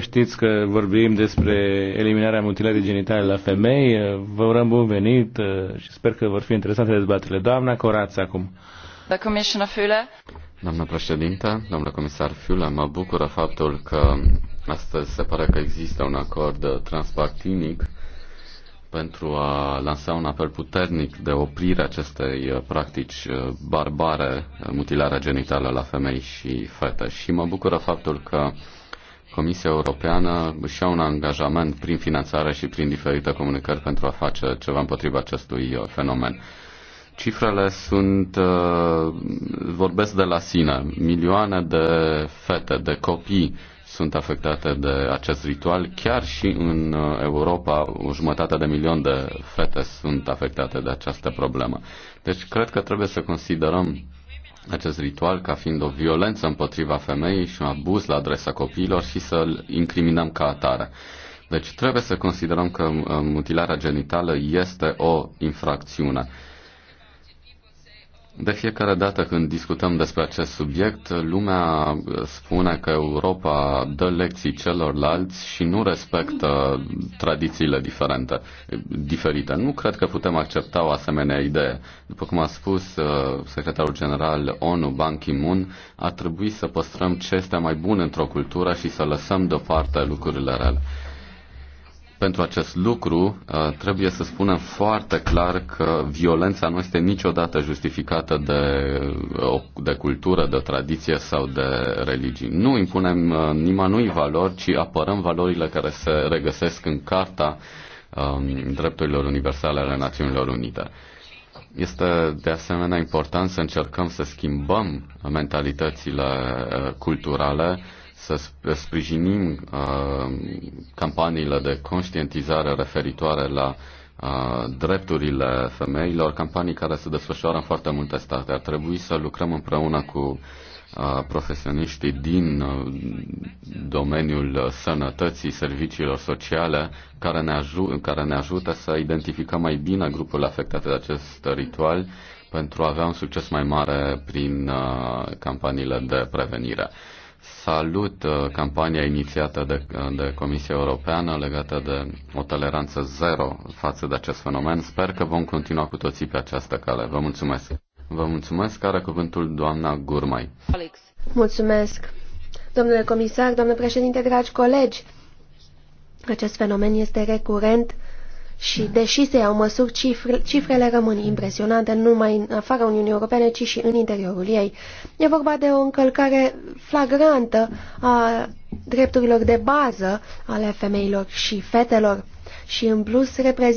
Știți că vorbim despre eliminarea mutilării genitale la femei. Vă urăm bun venit uh, și sper că vor fi interesante dezbaterile. Doamna Coraț acum. Doamna președinte, doamna comisar Fiule, mă bucură faptul că astăzi se pare că există un acord transpartinic pentru a lansa un apel puternic de oprire acestei uh, practici uh, barbare, mutilarea genitală la femei și fete. Și mă bucură faptul că Comisia Europeană își ia un angajament prin finanțare și prin diferite comunicări pentru a face ceva împotriva acestui uh, fenomen. Cifrele sunt, uh, vorbesc de la sine. Milioane de fete, de copii sunt afectate de acest ritual. Chiar și în uh, Europa, o jumătate de milion de fete sunt afectate de această problemă. Deci cred că trebuie să considerăm acest ritual ca fiind o violență împotriva femeii și un abuz la adresa copiilor și să-l incriminăm ca atare. Deci trebuie să considerăm că um, mutilarea genitală este o infracțiune. De fiecare dată când discutăm despre acest subiect, lumea spune că Europa dă lecții celorlalți și nu respectă tradițiile diferente, diferite. Nu cred că putem accepta o asemenea idee. După cum a spus uh, secretarul general ONU, Ban Ki-moon, ar trebui să păstrăm ce este mai bun într-o cultură și să lăsăm deoparte lucrurile rele. Pentru acest lucru uh, trebuie să spunem foarte clar că violența nu este niciodată justificată de, uh, de cultură, de tradiție sau de religii. Nu impunem uh, nimănui valori, ci apărăm valorile care se regăsesc în Carta um, Drepturilor Universale ale Națiunilor Unite. Este de asemenea important să încercăm să schimbăm mentalitățile culturale să sprijinim uh, campaniile de conștientizare referitoare la uh, drepturile femeilor, campanii care se desfășoară în foarte multe state. Ar trebui să lucrăm împreună cu uh, profesioniștii din uh, domeniul sănătății, serviciilor sociale, care ne, aju- care ne ajută să identificăm mai bine grupurile afectate de acest ritual pentru a avea un succes mai mare prin uh, campaniile de prevenire. Salut uh, campania inițiată de, de Comisia Europeană legată de o toleranță zero față de acest fenomen. Sper că vom continua cu toții pe această cale. Vă mulțumesc. Vă mulțumesc. Are cuvântul doamna Gurmai. Alex. Mulțumesc. Domnule comisar, domnule președinte, dragi colegi, acest fenomen este recurent și deși se iau măsuri, cifre, cifrele rămân impresionante nu numai în afara Uniunii Europene, ci și în interiorul ei. E vorba de o încălcare flagrantă a drepturilor de bază ale femeilor și fetelor și în plus reprezintă